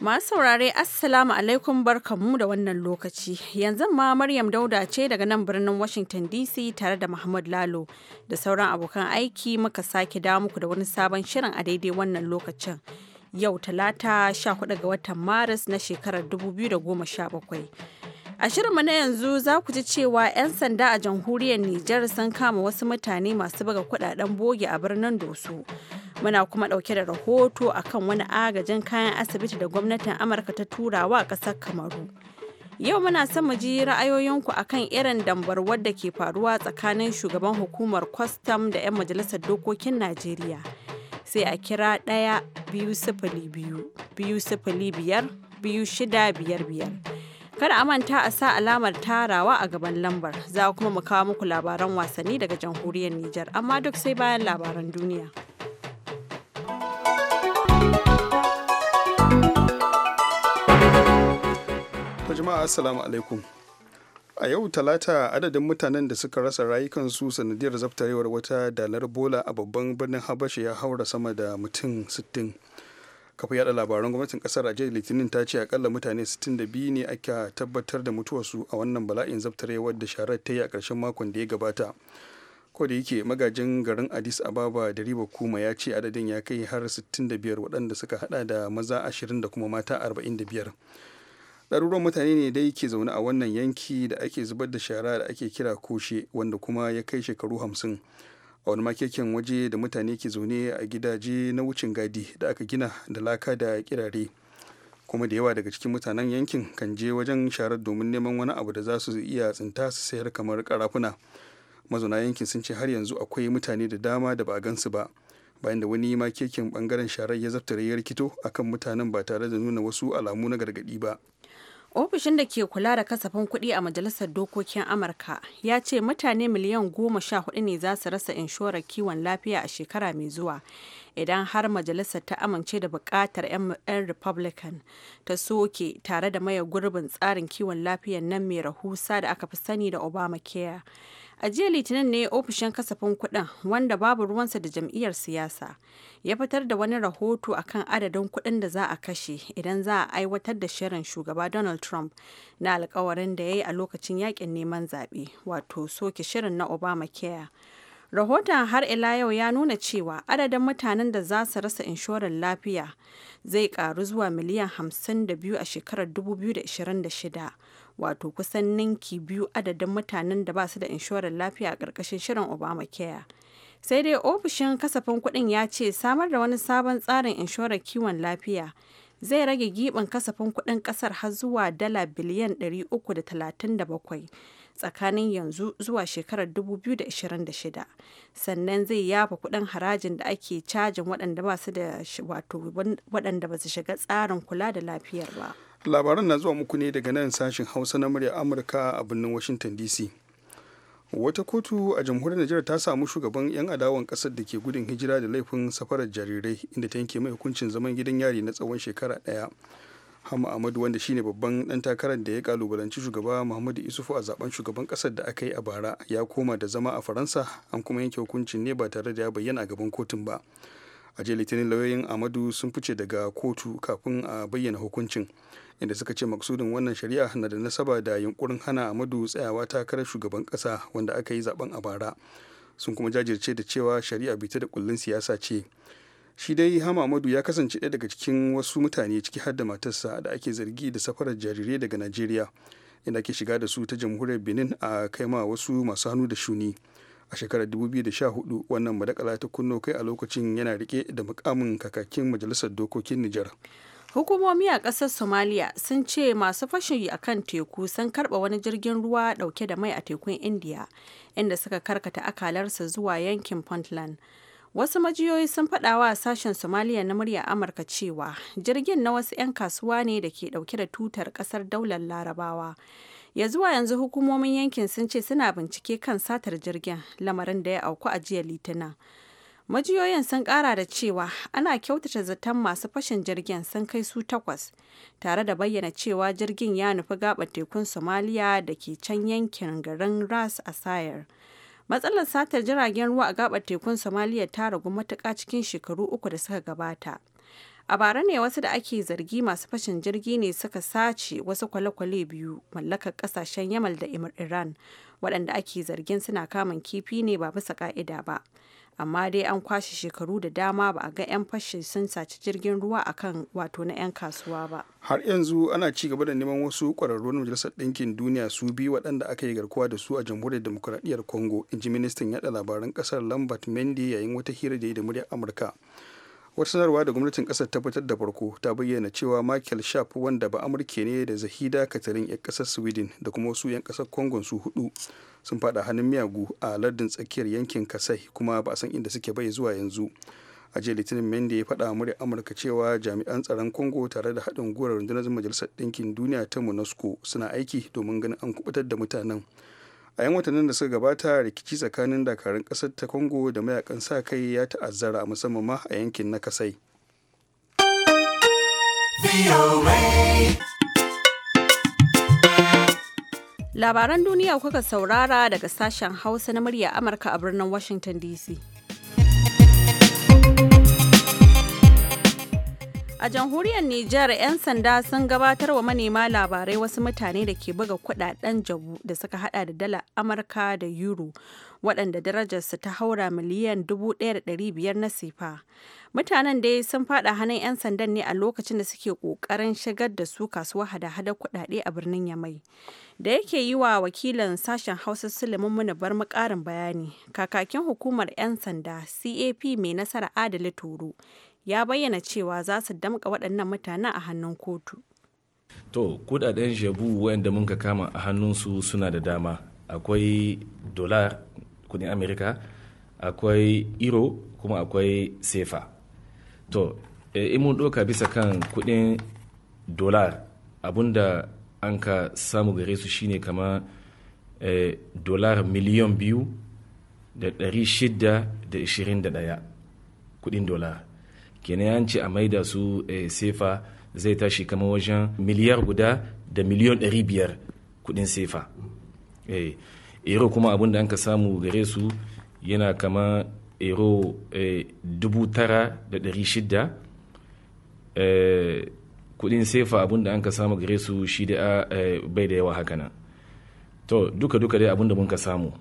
Masu saurare Assalamu alaikum barkamu da wannan lokaci. Yanzu ma Maryam Dauda ce daga nan birnin Washington DC tare da Muhammad Lalo da sauran abokan aiki muka sake da muku da wani sabon shirin a daidai wannan lokacin. Yau talata 14 ga watan Maris na shekarar 2017. A shirinmu na yanzu za ku ji cewa 'yan sanda a jamhuriyar Nijar sun kama wasu mutane masu buga kudaden boge a birnin Doso. muna kuma ɗauke da rahoto akan wani agajin kayan asibiti da gwamnatin amurka ta turawa wa ƙasar kamaru yau muna son mu ji ra'ayoyinku akan irin dambar wadda ke faruwa tsakanin shugaban hukumar kwastam da 'yan majalisar dokokin najeriya sai a kira ɗaya biyu sifili biyu biyu sifili biyar biyu shida biyar biyar kada a manta a sa alamar tarawa a gaban lambar za kuma mu kawo muku labaran wasanni daga jamhuriyar Nijar amma duk sai bayan labaran duniya. jama'a assalamu alaikum a yau talata adadin mutanen da suka rasa rayukansu sanadiyar zaftarewar wata dalar bola a babban birnin habasha ya haura sama da mutum 60 kafa yada labaran gwamnatin kasar a litinin ta ce akalla mutane 62 ne aka tabbatar da mutuwarsu a wannan bala'in zaftarewar da sharar ta yi a ƙarshen makon da ya gabata ko da yake magajin garin addis ababa da riba kuma ya ce adadin ya kai har 65 waɗanda suka hada da maza 20 da kuma mata 45 ɗaruruwan mutane ne dai ke zaune a wannan yanki da ake zubar da shara da ake kira koshe wanda kuma ya kai shekaru hamsin a wani makeken waje da mutane ke zaune a gidaje na wucin gadi da aka gina da laka da kirare kuma da yawa daga cikin mutanen yankin kan je wajen sharar domin neman wani abu da za su iya tsinta su sayar kamar karafuna mazauna yankin sun ce har yanzu akwai mutane da dama da ba a gansu ba bayan da wani makekin bangaren sharar ya zafta ya kito akan mutanen ba tare da nuna wasu alamu na gargadi ba ofishin da ke kula da kasafin kuɗi a majalisar dokokin amurka ya ce mutane miliyan goma sha hudu ne za su rasa inshorar kiwon lafiya a shekara mai zuwa idan har majalisar ta amince da bukatar 'yan republican ta soke tare da maye gurbin tsarin kiwon lafiyan nan mai rahusa da aka fi sani da obamacare a jiya litinin ne ofishin kasafin kuɗin wanda babu ruwansa da jam'iyyar siyasa ya fitar da wani rahoto akan adadin kuɗin da za a kashe idan za a aiwatar da shirin shugaba donald trump na alkawarin da ya yi a lokacin yakin neman zaɓe wato soke shirin na obama obamacare rahoton har ila yau ya nuna cewa adadin mutanen da za su rasa inshorar lafiya zai karu zuwa miliyan 52 a shekarar 2026 wato kusan ninki biyu adadin mutanen da ba su da inshorar lafiya a ƙarƙashin shirin obamacare sai dai ofishin kasafin kuɗin ya ce samar da wani sabon tsarin inshorar kiwon lafiya zai rage giɓin kasafin kuɗin ƙasar har zuwa dala biliyan 337 tsakanin yanzu zuwa shekarar 2026 sannan zai yafa kuɗin harajin da ake cajin waɗanda ba waɗanda ba su shiga tsarin kula da lafiyar ba. labaran na zuwa muku ne daga nan sashen hausa na murya amurka a birnin washington dc wata kotu a jamhuriyar najeriya ta samu shugaban 'yan adawan kasar da ke gudun hijira da laifin safarar jarirai inda ta yanke mai hukuncin zaman gidan yari na tsawon shekara daya hama amadu wanda shine babban dan takarar da ya kalubalanci shugaba muhammadu isufu a zaben shugaban kasar da aka yi a bara ya koma da zama a faransa an kuma yanke hukuncin ne ba tare da ya bayyana a gaban kotun ba a jiya litinin lauyoyin amadu sun fice daga kotu kafin a bayyana hukuncin inda suka ce maksudin wannan shari'a na da nasaba da yunkurin hana amadu tsayawa takarar shugaban kasa wanda aka yi zaben a bara sun kuma jajirce da cewa shari'a bita da kullun siyasa ce shi dai hama amadu ya kasance ɗaya daga cikin wasu mutane ciki har da matarsa da ake zargi da safarar jarirai daga najeriya inda ke shiga da su ta jamhuriyar benin a kai ma wasu masu hannu da shuni a shekarar 2014 wannan madakala ta kunno kai a lokacin yana rike da mukamin kakakin majalisar dokokin nijar Hukumomi a ƙasar Somalia sun ce masu fashi a kan teku sun karɓa wani jirgin ruwa ɗauke da mai a tekun India, inda suka karkata akalarsa zuwa yankin Puntland. Wasu majiyoyi sun faɗawa a sashen Somalia na murya Amurka cewa jirgin na wasu 'yan kasuwa ne da ke ɗauke da tutar ƙasar daular Larabawa. Ya zuwa yanzu hukumomin yankin sun ce suna bincike kan satar jirgin lamarin da ya auku a jiya Litinin. Majiyoyin sun kara da cewa ana kyautata zaton masu fashin jirgin sun kai su takwas, tare da bayyana cewa jirgin ya nufi gaɓar tekun somaliya da ke can yankin garin Ras Asayar. Matsalar satar jiragen ruwa a gaɓar tekun somaliya ta ragu matuka cikin shekaru uku da suka gabata. A bara ne wasu da ake zargi masu fashin jirgi ne suka sace wasu kwale-kwale biyu mallakar kasashen Yamal da Iran waɗanda ake zargin suna kamun kifi ne ba bisa ka'ida ba. amma dai an kwashe shekaru da dama ba a ga 'yan fashe sun saci jirgin ruwa a kan wato na 'yan kasuwa ba har yanzu ana ci gaba da neman wasu kwararru majalisar ɗinkin duniya su biyu waɗanda aka yi garkuwa da su a jamhuriyar demokuraɗiyyar congo in ministan yaɗa labaran ƙasar lambert mende yayin wata hira da yi da muryar amurka wata sanarwa da gwamnatin kasar ta fitar da farko ta bayyana cewa michael sharp wanda ba amurke ne da zahida katarin 'yan kasar sweden da kuma wasu 'yan kasar congo su hudu sun fada hannun miyagu a lardin tsakiyar yankin kasai kuma ba a san inda suke bai zuwa yanzu a jiya litinin mende ya fada murya amurka cewa jami'an tsaron congo tare da haɗin gwiwar rundunar majalisar ɗinkin duniya ta monusco suna aiki domin ganin an kubutar da mutanen a yan watannin da suka gabata rikici tsakanin dakarun kasar ta congo da mayakan sa kai ya ta'azzara musamman ma a yankin na kasai labaran duniya kuka saurara daga sashen hausa na murya amurka a birnin washington dc A jamhuriyar Nijar 'yan sanda sun gabatar wa manema labarai wasu mutane da ke buga kudaden jabu da suka hada da dala Amurka da Euro waɗanda darajarsu ta haura miliyan 1,500 na sifa. Mutanen dai sun fada hannun 'yan sandan ne a lokacin da suke ƙoƙarin shigar da su kasuwa hada-hada kuɗaɗe a birnin Yamai. Da yake yi wa wakilan sashen Hausa Suleiman Muna bar mu ƙarin bayani, kakakin hukumar 'yan sanda CAP mai nasara Adali Toro ya bayyana cewa za su damƙa waɗannan mutanen a hannun kotu. To, kudaden shabu wanda mun kama a hannunsu suna da dama. Akwai dolar kudin Amerika, akwai euro kuma akwai sefa. To, e, in mun ɗauka bisa kan kudin dolar abinda an ka samu gare su shine kama e, eh, dolar miliyan biyu da ɗari shida da ishirin da ɗaya kudin dolar. kenan yanci a maida su eh, sefa zai tashi kama wajen miliyar guda da miliyon biyar kudin sefa eh, ero kuma abin da an ka samu gare su yana kama ero eh, shidda kudin sefa abin da an ka samu gare su shi da bai da yawa haka nan to duka-duka dai abin da mun ka samu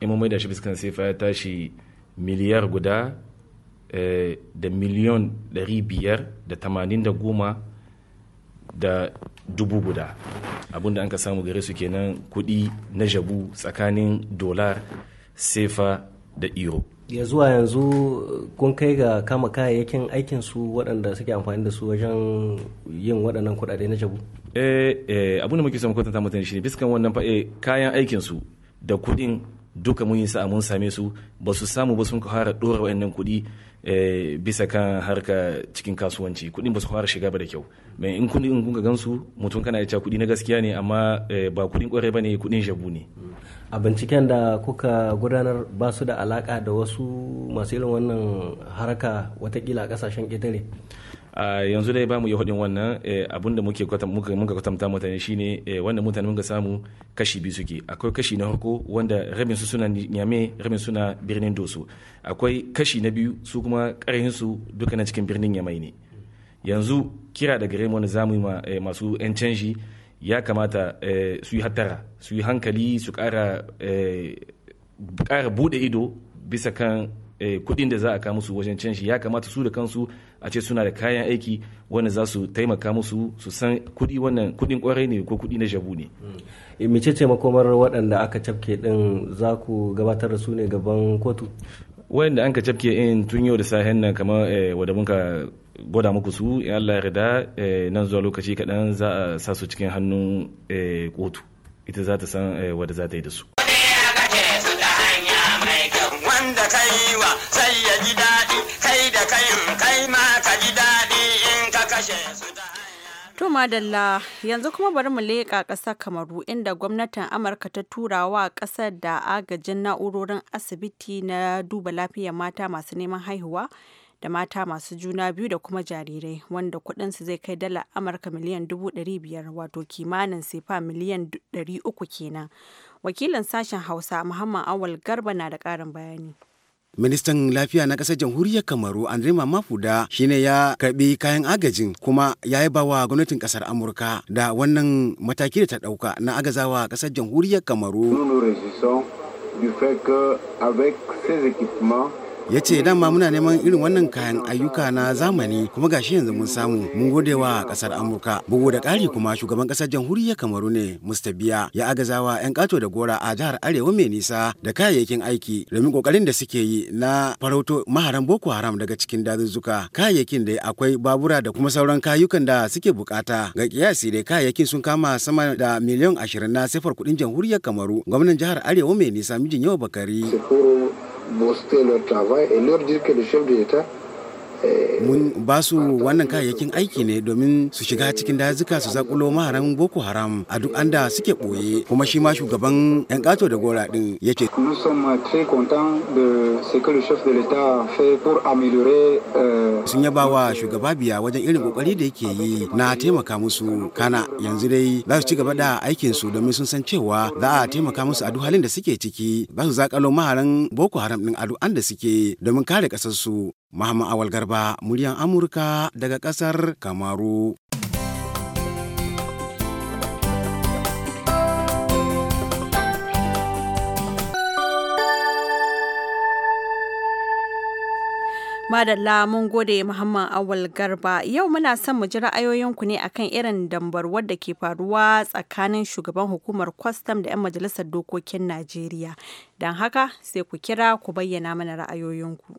in da shi sefa ya tashi miliyar guda Eh, da miliyon biyar da da da goma dubu guda abinda an ka samu gare su kenan kudi na jabu tsakanin dolar sefa da euro ya zuwa yanzu kun kai ga kama kayayyakin aikin su waɗanda suke amfani da su wajen yin waɗannan kuɗaɗe na jabu eh, eh abin da muke son kwatanta mutane shi ne biskan wannan fa'e eh, kayan aikin su da kuɗin duka mun yi sa'a mun same su ba su samu ba sun fara ɗora waɗannan kuɗi Eh, bisa kan harka cikin kasuwanci kuɗin ba su fara shiga ba da kyau mai in kuɗin kuka gansu mutum kana cewa kuɗi na gaskiya ne amma eh, ba kuɗin kwarai ba ne kuɗin shabu ne a binciken da kuka gudanar ba su da alaka da wasu masu irin wannan haraka watakila a kasashen ƙetare a yanzu dai bamu mu yahudin wannan eh, abin da muke muka kwatanta mutane shine eh, wanda mutane muka samu kashi biyu suke akwai kashi na harko wanda rabin su suna nyame rabin suna birnin doso akwai kashi na biyu su kuma karhin su duka na cikin birnin yamai ne yanzu kira da gare wani zamu eh, masu yan canji ya kamata su yi hattara su yi hankali su kara kara bude ido bisa kan Eh, kuɗin da za a kawo musu wajen canji ya kamata su da kansu a ce suna da kayan aiki wanda za su taimaka musu su san kuɗi wannan kuɗin kwarai ne ko kuɗi na jabu ne. Mm. Eh, mece ce makomar waɗanda aka cafke ɗin za ku gabatar da su ne gaban kotu? wayanda an ka cafke in tun yau da sahen nan kamar eh, wadda mun ka gwada muku su in Allah ya yarda nan zuwa lokaci kaɗan za a sa su cikin hannun kotu ita za ta san wadda za ta yi da su. To Madalla yanzu kuma bari mu leƙa ƙasar Kamaru inda gwamnatin Amurka ta tura wa ƙasar da agajin na'urorin asibiti na duba lafiyar mata masu neman haihuwa da mata masu juna biyu da kuma jarirai wanda kuɗinsu zai kai dala Amurka miliyan dubu ɗari biyar wato kimanin sefa miliyan ɗari uku kenan. Wakilin sashen Hausa Muhammad Awal Garba na da ƙarin bayani. ministan lafiya na kasar jamhuriyar kamaru andre mamafuda shine ya karbi kayan agajin kuma ya yi bawa gwamnatin ƙasar amurka da wannan mataki da ta ɗauka na agazawa kasar jamhuriyar kamaru nous nous réjouissons du fait que avec ces équipements ya ce dama muna neman irin wannan kayan ayyuka na zamani kuma gashi yanzu mun samu mun gode wa kasar amurka bugu da ƙari kuma shugaban kasar jamhuriyar kamaru ne mr biya ya agazawa 'yan kato da gora a jihar arewa mai nisa da kayayyakin aiki domin kokarin da suke yi na farauto maharan boko haram daga cikin dazuzzuka kayayyakin da akwai babura da kuma sauran kayukan da suke bukata ga kiyasi da kayayyakin sun kama sama da miliyan ashirin na sifar kuɗin jamhuriyar kamaru gwamnan jihar arewa mai nisa mijin yau bakari booster leur travail et leur dire que le chef de l'État mun ba su wannan kayayyakin aiki ne domin su shiga cikin dazuka su zakulo maharan boko haram a duk anda suke ɓoye kuma shi ma shugaban yan kato da gora din ya ce sun yaba wa shugaba biya wajen irin ƙoƙari da yake yi na taimaka musu kana yanzu dai za su ci gaba da aikin su domin sun san cewa za a taimaka musu a duk halin da suke ciki za su zakalo maharan boko haram din a duk anda suke domin kare kasar su Mahama Awal Garba, muryan Amurka daga ƙasar Kamaru. Madalla mun gode Muhammad Awal Garba yau muna son mu ji ra'ayoyinku ne akan irin dambarwar da ke faruwa tsakanin shugaban hukumar kwastam da 'yan majalisar dokokin Najeriya. Don haka sai ku kira ku bayyana mana ra'ayoyinku.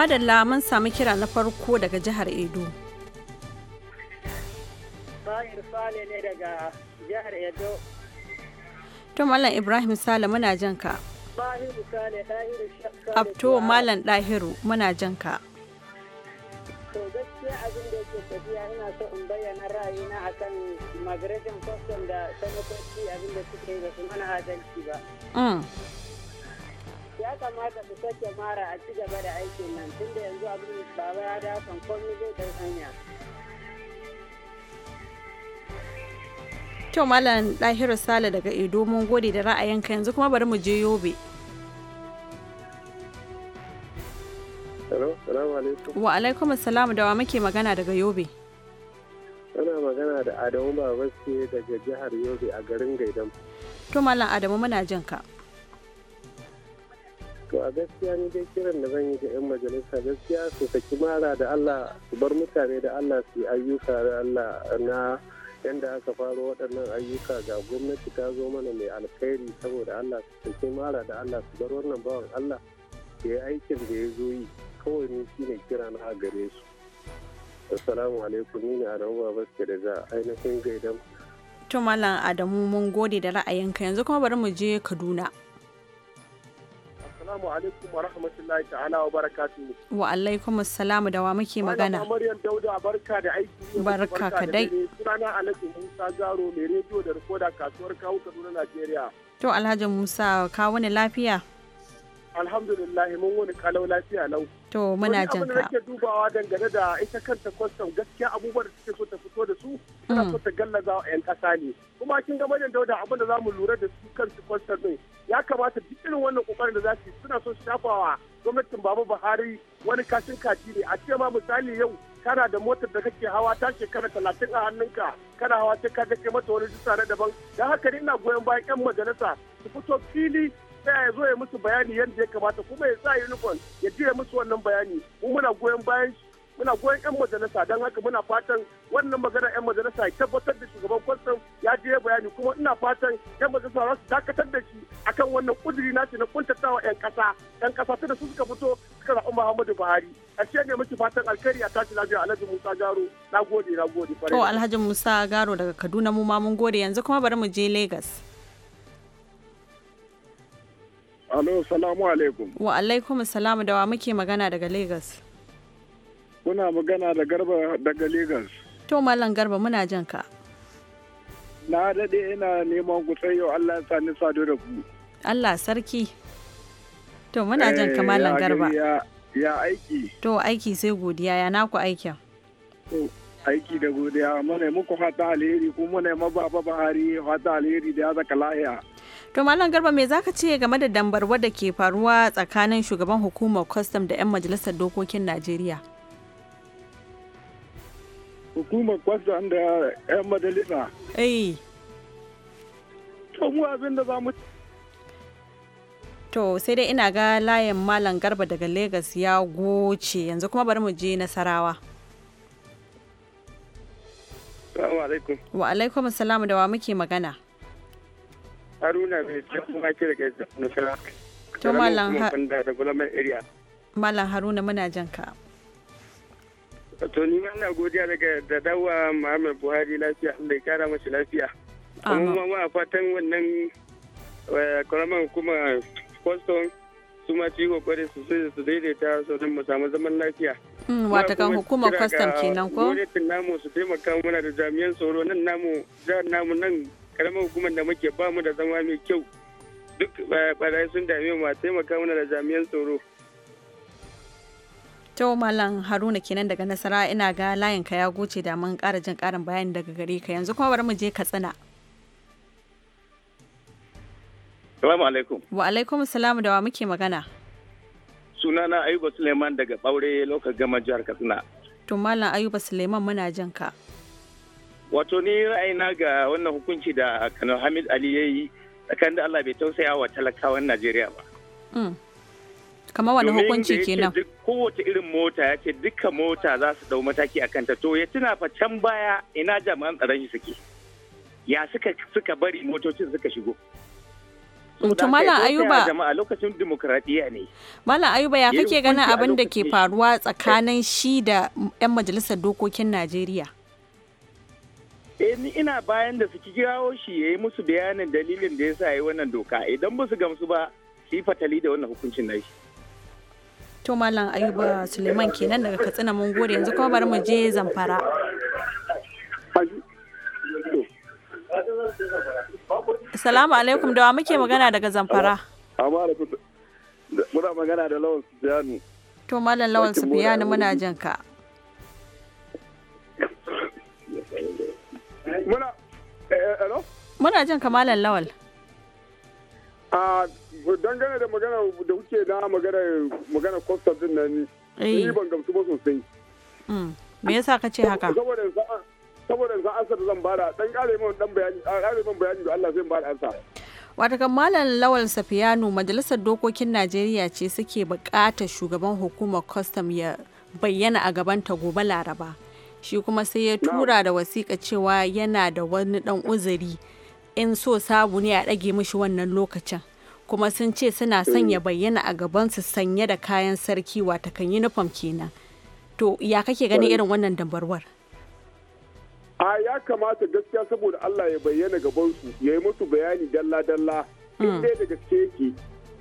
Madalla mun samu kira na farko daga jihar Edo. Tahir To Malam Ibrahim Sale muna jan ka. Abto Malam Dahiru muna jan ka. To gaskiya abin da ke tafiya ina so in bayyana ra'ayina akan migration custom da sanatoci abin da suke yi ba su mana adalci ba. Mm. ya kamata su sake mara a ci gaba da aikin nan tunda yanzu abin baba ya dafa komai zai ɗan hanya. To Malam Dahiru Sale daga Edo mun gode da ra'ayinka yanzu kuma bari mu je Yobe. Wa alaikum salam! da wa muke magana daga Yobe. Ana magana da Adamu Babaske daga jihar Yobe a garin Gaidan. To Malam Adamu muna jin ka. to a gaskiya ni dai kiran da zan yi ga 'yan majalisa gaskiya su saki mara da allah su bar mutane da allah su yi ayyuka da allah na yadda aka faro waɗannan ayyuka ga gwamnati ta zo mana mai alkhairi saboda allah su saki mara da allah su bar wannan bawan allah ya yi aikin da ya zo yi kawai ni shi ne kira na a gare su assalamu alaikum ni ne adamu da daga ainihin gaidan to malam adamu mun gode da ra'ayinka yanzu kuma bari mu je kaduna Assalamu alaikum wa rahmatullahi ta'ala wa barakatuhu. Wa alaikum assalamu da wa muke magana. Malama Maryam Dauda barka da aiki. Barka ka dai. Sunana Alhaji Musa Garo mai rediyo da rikoda kasuwar kawo Kaduna Najeriya. To Alhaji Musa ka wani lafiya. Alhamdulillah mun wani kalau lafiya lau. To muna jin ka. Abin da dubawa dangane da ita kanta kwastam gaskiya abubuwan da suke so ta fito da su tana mm. so ta gallaza wa 'yan kasa ne. Kuma kin ga Maryam Dauda abin da za mu lura da su kansu kwastam ɗin ya kamata duk irin wannan kokarin da za su suna so su shafawa gwamnatin baba buhari wani kashin kaji ne a ce ma misali yau kana da motar da kake hawa ta shekara talatin a hannunka kana hawa sai ka kai mata wani jisa na daban don haka ne ina goyon bayan yan majalisa su fito fili sai ya zo ya musu bayani yadda ya kamata kuma ya sa uniform ya jiya musu wannan bayani mu muna goyon bayan shi muna goyon 'yan majalisa don haka muna fatan wannan magana 'yan majalisa ya tabbatar da shugaban kwastam ya je bayani kuma ina fatan 'yan majalisa za su dakatar da shi akan wannan kuduri nasu na kuntatawa 'yan kasa 'yan kasa ta da su suka fito suka zaɓi Muhammadu Buhari ƙarshe ne muke fatan alkhairi a tashi lafiya Alhaji Musa Garo na gode na gode to Alhaji Musa Garo daga Kaduna mu ma mun gode yanzu kuma bari mu je Lagos Alo, salamu alaikum. Wa alaikum salamu da wa muke magana daga Lagos. Kuna magana da Garba daga Legas. To Malam Garba muna jan ka. Na daɗe ina neman ku yau Allah ya sani sado da ku. Allah sarki. To muna jan ka eh, Malam Garba. Ya aiki. To aiki sai godiya ya naku aikin. aiki da godiya mana muku hata alheri ko mana mababa bahari hata alheri da ya zaka lahiya. To Malam Garba me zaka ce game da dambarwa da ke faruwa tsakanin shugaban hukumar Custom da 'yan majalisar dokokin Najeriya? hukumar kwasa da 'yan majalisa. Eh. To mu abin da za mu To sai dai ina ga layin Malam Garba daga Legas ya goce yanzu kuma bari mu je Nasarawa. alaikum. Wa alaikum da wa muke magana. Haruna mai kuma ke daga Nasarawa. To Malam Haruna. Malam Haruna muna jan ka. To ni na godiya daga da dawa Muhammad Buhari lafiya Allah ya kara masa lafiya. Kuma ma fatan wannan eh, karaman kuma Boston su ma ci kokarin su sai su daidaita su don mu samu zaman lafiya. Hmm, wata kan hukumar kwastam kenan ko? Gwamnatin namu su taimaka mana da jami'an tsaro nan namu jihar namu nan karamar hukumar da muke ba mu da zama mai kyau. Duk barayi eh, sun dame mu a taimaka mana da jami'an tsaro. to malam haruna kenan daga nasara ina ga layin ka ya goce da mun ƙara jin ƙarin bayani daga gare ka yanzu kuma bari mu je katsina salamu alaikum wa alaikum salam da wa muke magana sunana ayuba suleiman daga ɓaure lokacin gama jihar katsina to malam ayuba suleiman muna jin ka wato ni ra'ayina ga wannan hukunci da kano hamid ali ya yi tsakanin da allah bai tausaya wa talakawan najeriya ba mm. kamar wani hukunci kenan kowace irin mota ya ce duka mota za su dau mataki a kanta to ya tuna fa can baya ina jami'an tsaron shi suke ya suka suka bari motocin suka shigo to mala ayuba jama'a lokacin demokradiya ne ayuba ya kake ganin abin da ke faruwa tsakanin shi da yan majalisar dokokin najeriya eh, ni ina bayan da suke kirawo shi yayi yi musu bayanin dalilin da yasa sa yi wannan doka idan ba su gamsu ba su fatali da wannan hukuncin nashi. to malam ayuba suleiman kenan daga katsina mun gode yanzu kuma bari mu je zamfara salamu alaikum da wa muke magana daga zamfara muna magana da lawan biyani to malam lawan biyani muna jin ka muna jin ka malam lawal ah, dangane da magana da kuke na magana magana kwastar din nan ni eh. ban gamsu ba sosai mm. me yasa ka ce haka saboda saboda san ansa da zan bada dan kare min dan bayani kare min bayani da Allah zai bada ansa watakan malam lawal safiyanu majalisar dokokin najeriya ce suke bukata shugaban hukumar kwastam ya bayyana a gaban ta gobe laraba shi kuma sai ya tura da wasiƙa cewa yana da wani dan uzuri in so sabu ne a ɗage mishi wannan lokacin kuma sun ce suna sanya bayyana a gabansu sanye da kayan sarki watakan uniform kenan to ya kake ganin irin wannan dambarwar a ya kamata gaskiya saboda Allah ya bayyana gabansu ya yi musu bayani dalla-dalla hmm. inda daga da gaske yake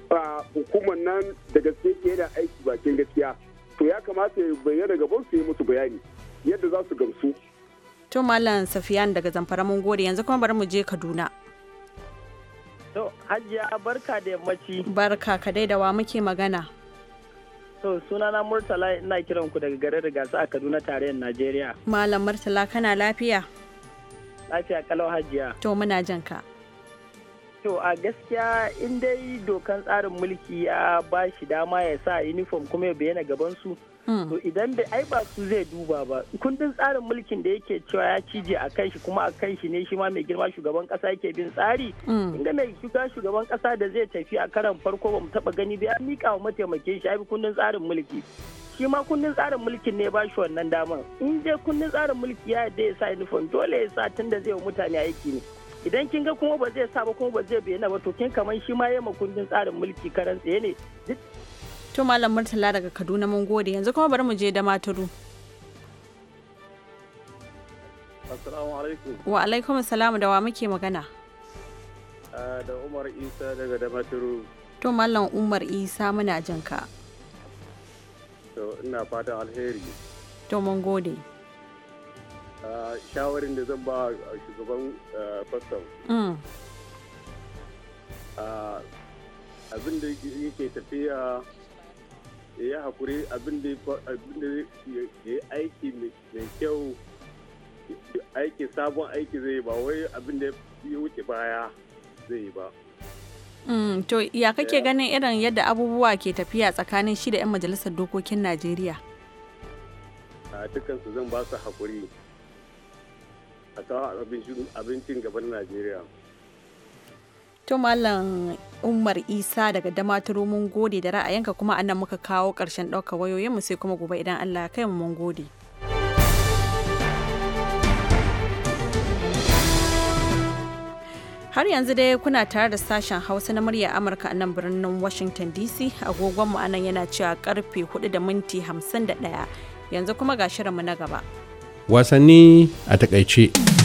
ba hukumar nan da gaske yana aiki bakin gaskiya to ya kamata ya bayyana gabansu ya yi musu bayani yadda za su gamsu to mallam safiyan daga zamfara mun gode yanzu kuma bari mu je kaduna To, hajiya barka da yammaci. Barka ka dai da wa muke magana. To, sunana Murtala ina kiran ku daga garin Rigasa a Kaduna tarayyar Najeriya. Malam Murtala kana lafiya? Lafiya kalau hajiya. To, muna jan ka. To, a gaskiya in dai dokan tsarin mulki ya ba shi dama ya sa uniform kuma ya bayyana gabansu. su. Hmm. to idan da ai ba su zai duba ba kundin tsarin mulkin da yake cewa ya cije a kan shi kuma a kan shi ne shi ma mai girma shugaban kasa yake bin tsari hmm. inda mai shuka shugaban kasa da zai tafi a karan farko ba mu taba gani ba an mika wa mataimakin shi ai kundin tsarin mulki shi ma kundin tsarin mulkin ne ba shi wannan daman in je kundin tsarin mulki ya yadda ya sa uniform dole ya sa tunda zai wa mutane aiki ne idan kin ga kuma ba zai sa ba kuma ba zai bayyana ba to kin kamar shi ma yamma kundin tsarin mulki karan tsaye ne duk to malam murtala daga kaduna mun gode yanzu kuma bari mu je da maturu wa alaikum salamu da wa muke magana ah, da umar isa daga damaturu to Malam umar isa muna jin ka to ina fatan alheri to mun gode ah, shawarin da zan ba shugaban kwastam ah, mm. abin da yake tafiya ya hakuri abin da ya yi aiki mai kyau aiki sabon aiki zai yi ba wai abin da ya wuce baya zai yi ba mm, to ya kake ganin irin yadda abubuwa ke tafiya tsakanin shi da 'yan majalisar dokokin najeriya a dukansu zan ba su haƙuri a kawo abincin gaban najeriya To mallam Umar Isa daga Damaturu mun gode da ra'ayinka kuma anan muka kawo ƙarshen ɗaukar wayoyinmu sai kuma gobe idan Allah kai mu mun gode. Har yanzu dai kuna tare da sashen Hausa na murya Amurka a nan birnin Washington DC agogonmu a nan yana cewa karfe 4 da minti 51 yanzu kuma ga shirinmu na gaba. Wasanni a takaice.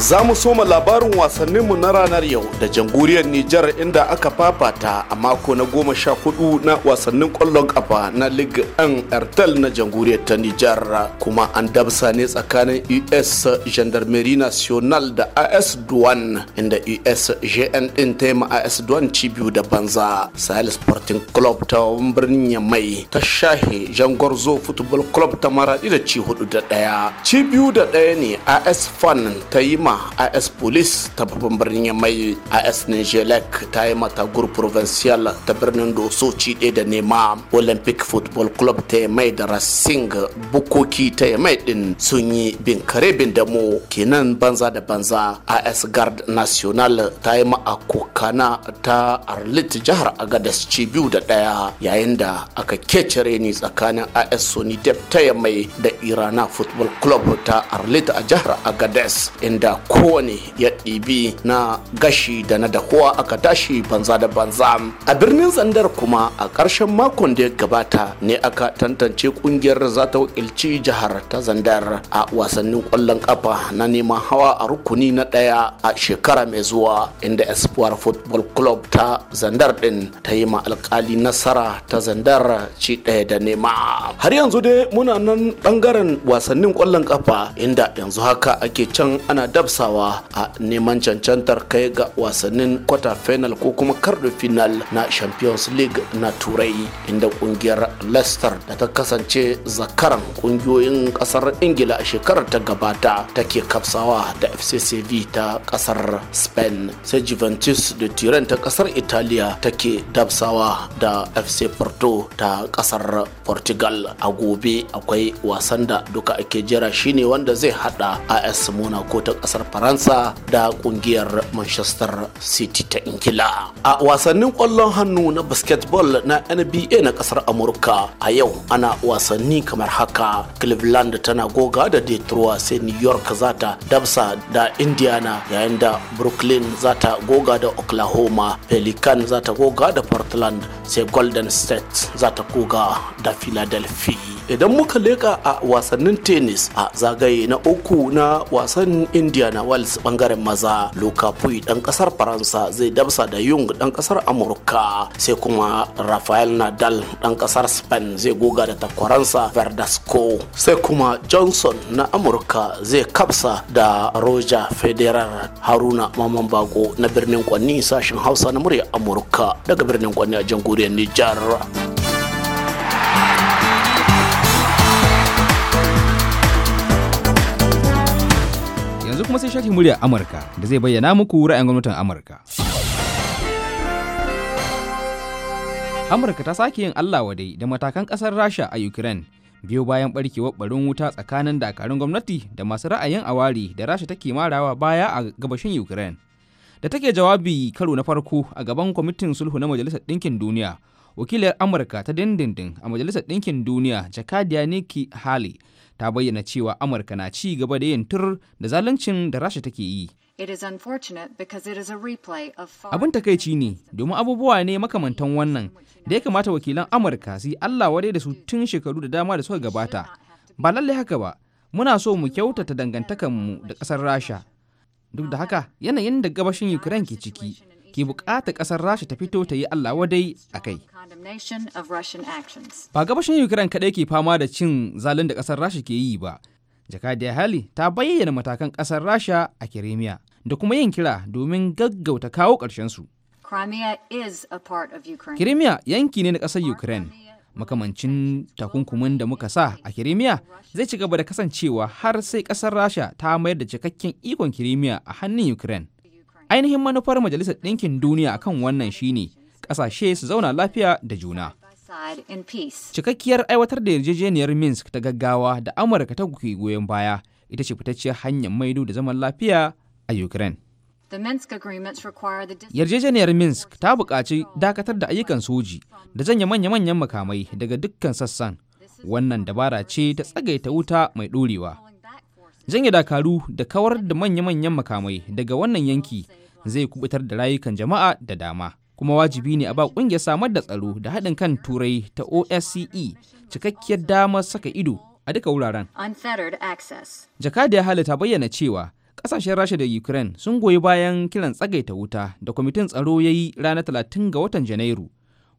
Za mu soma labarin wasanninmu na ranar yau da janguriyar Nijar inda aka fafata a mako na goma sha hudu na wasannin kwallon kafa na Ligue 1 Ertel na janguriyar ta Nijar kuma an dabsa ne tsakanin US Gendarmerie National da AS Duan inda US JN din ta yi AS Duan ci biyu da banza. Sahel Sporting Club ta birnin Yamai ta shahe Jangorzo Football Club ta maradi da ci hudu da daya. Ci biyu da daya ne AS Fan ta yi ma goma IS police ta babban birnin mai as nigelec ta yi mata gur provincial ta birnin doso ci ɗaya da nema olympic football club ta mai da racing bukoki ta mai din sun yi bin kare bin damo kenan banza da banza as guard national ta yi ma'a kokana ta arlit jihar agadas ci da ɗaya yayin da aka kecere ni tsakanin is sony dep ta mai da irana football club ta arlit a jihar agadas inda kowane ya ɗibi na gashi da na dahuwa aka tashi banza da banza a birnin zandar kuma a ƙarshen makon da ya gabata ne aka tantance ƙungiyar za ta wakilci jihar ta zandar a wasannin ƙwallon ƙafa na neman hawa a rukuni na ɗaya a shekara mai zuwa inda espoir football club ta zandar ɗin ta yi ma alƙali nasara ta zandar ci ɗaya da nema har yanzu dai muna nan ɓangaren wasannin ƙwallon ƙafa inda yanzu haka ake can ana dab darsawa a neman cancantar kai ga wasannin kwata final ko kuma kardo final na champions league na turai inda kungiyar leicester da ta kasance zakaran kungiyoyin kasar ingila a shekarar ta gabata take kafsawa da fccv ta kasar spain sai juventus da turin ta kasar italiya take dabsawa da fc porto ta kasar portugal a gobe akwai wasan da duka ake jira shine wanda zai hada as monaco ta kasar kasar faransa da kungiyar manchester city ta ingila a wasannin kwallon hannu na basketball na nba na kasar amurka a yau ana wasanni kamar haka cleveland tana goga da detroit sai new york za ta dabsa da indiana yayin da brooklyn za ta goga da oklahoma pelican za ta goga da portland sai golden state za ta goga da philadelphia idan muka leka a wasannin tennis a zagaye na uku na wasan india na wales bangaren maza luka pui dan kasar faransa zai damsa da yung dan kasar amurka sai kuma rafael nadal dan kasar spain zai goga da takwaransa verdasco sai kuma johnson na amurka zai kapsa da roger federer haruna maman bago na birnin kwanni sashen hausa na murya amurka daga birnin kwanni a jamhuriyar nijar kuma sai shafin muryar Amurka da zai bayyana muku ra'ayin gwamnatin Amurka. Amurka ta sake yin Allah wadai da matakan ƙasar Rasha a Ukraine biyo bayan barkewar barin wuta tsakanin dakarun gwamnati da masu ra'ayin awari da Rasha take marawa baya a gabashin Ukraine. Da take jawabi karo na farko a gaban kwamitin sulhu na Majalisar Ɗinkin Duniya, wakilar Amurka ta dindindin a Majalisar Ɗinkin Duniya, Jakadiya Nikki Haley ta bayyana cewa Amurka na ci gaba da yin tur da zaluncin da Rasha take yi. Abin takaici ne domin abubuwa ne makamantan wannan da ya kamata wakilan Amurka su yi Allah wadai da su tun shekaru da dama da suka gabata. Ba lallai haka ba, muna so mu kyautata dangantakanmu da ƙasar Rasha. Duk da haka, yanayin da gabashin Ukraine ke ciki ke bukata kasar Rasha ta fito ta yi Allah wadai a kai. Ba gabashin Ukraine kadai ke fama da cin zalin da kasar Rasha ke yi ba. Jakadiyar Hali ta bayyana matakan kasar Rasha a Kirimiya da kuma yin kira domin gaggauta kawo su. Kirimiya yanki ne na kasar Ukraine. Makamancin takunkumin da muka sa a Kirimiya zai ci gaba da kasancewa har sai kasar Rasha ta mayar da cikakken ikon Kirimiya a hannun Ukraine. ainihin manufar majalisar ɗinkin duniya kan wannan shine ƙasashe su zauna lafiya da juna cikakkiyar aiwatar da yarjejeniyar minsk ta gaggawa da amurka ta kuke goyon baya ita ce fitacciyar hanyar maido da zaman lafiya a ukraine yarjejeniyar minsk ta buƙaci dakatar da ayyukan soji da zanya manya-manyan makamai daga dukkan sassan wannan dabara ce ta tsagaita wuta mai ɗorewa janye dakaru da kawar da manya-manyan makamai daga wannan yanki zai kubutar da rayukan jama'a da dama kuma wajibi ne a ba kungiyar samar da tsaro da haɗin kan turai ta osce cikakkiyar damar saka ido a duka wuraren jakada ya halitta bayyana cewa ƙasashen rasha da ukraine sun goyi bayan kiran tsagaita wuta da kwamitin tsaro ya yi ranar 30 ga watan janairu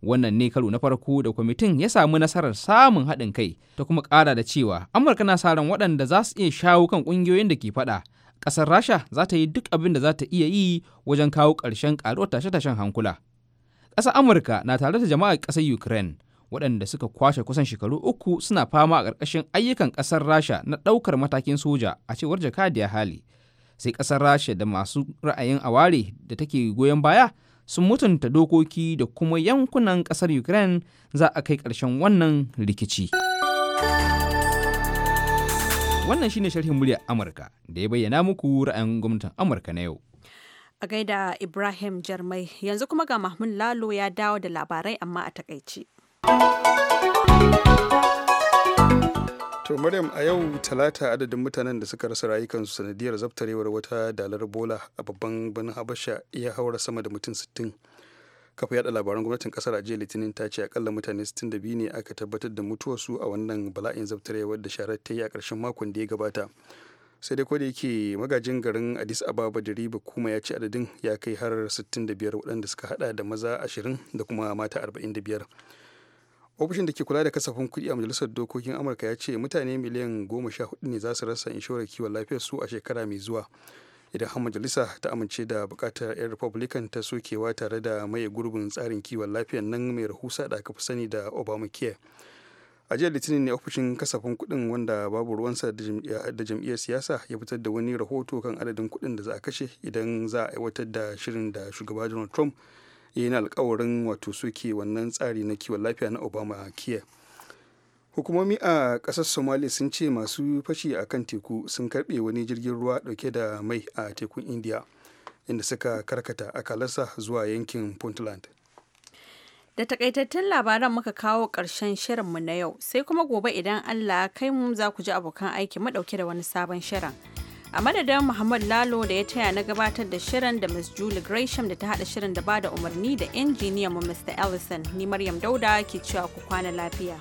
wannan ne karo na farko da kwamitin ya samu nasarar samun haɗin kai ta kuma ƙara da cewa amurka na sa ran waɗanda za su iya shawo kan ƙungiyoyin da ke faɗa ƙasar rasha za ta yi duk abin da za ta iya yi wajen kawo ƙarshen ƙaruwar tashe-tashen hankula ƙasar amurka na tare da jama'ar ƙasar ukraine waɗanda suka kwashe kusan shekaru uku suna fama a ƙarƙashin ayyukan ƙasar rasha na ɗaukar matakin soja a cewar jakadiyar hali sai ƙasar rasha da masu ra'ayin aware da take goyon baya sun mutunta dokoki da kuma yankunan kasar ukraine za a kai ƙarshen wannan rikici wannan shine sharhin muryar amurka da ya bayyana muku ra'ayin gwamnatin amurka na yau a gaida ibrahim jarmai yanzu kuma ga mahmud lalo ya dawo da labarai amma a takaici To Maryam a yau talata adadin mutanen da suka rasa rayukansu sanadiyar zaftarewar wata dalar bola a babban birnin Habasha ya haura sama da mutum 60. Kafa yada labaran gwamnatin kasar ajiya Litinin ta ce akalla mutane 62 ne aka tabbatar da mutuwarsu a wannan bala'in zaftarewar da sharar ta yi a ƙarshen makon da ya gabata. Sai dai da yake magajin garin adis Ababa Diriba kuma ya ce adadin ya kai har 65 waɗanda suka hada da maza 20 da kuma mata 45. ofishin da ke kula da kasafin kuɗi a majalisar dokokin amurka ya ce mutane miliyan goma sha hudu ne za su rasa inshorar kiwon lafiyar su a shekara mai zuwa idan har majalisa ta amince da bukatar 'yan republican ta sokewa tare da maye gurbin tsarin kiwon lafiyar nan mai rahusa da aka fi sani da obamacare a jiya litinin ne ofishin kasafin kuɗin wanda babu ruwansa da jam'iyyar siyasa ya fitar da wani rahoto kan adadin kuɗin da za a kashe idan za a aiwatar da shirin da shugaba donald trump ya yi alkawarin wato soke wannan tsari na kiwon lafiya na obama kiya hukumomi a ƙasar somali sun ce masu fashi a kan teku sun karɓe wani jirgin ruwa ɗauke da mai a tekun india inda suka karkata akalarsa zuwa yankin puntland da takaitattun labaran muka kawo ƙarshen shirinmu na yau sai kuma gobe idan allah kai mu za ku ji abokan aiki madauke da wani sabon shirin a madadin muhammad lalo da ya taya na gabatar da shirin da ms julie gresham da ta hada shirin da ba da umarni da injiniyan mu mr ellison ni maryam dauda ke cewa ku kwana lafiya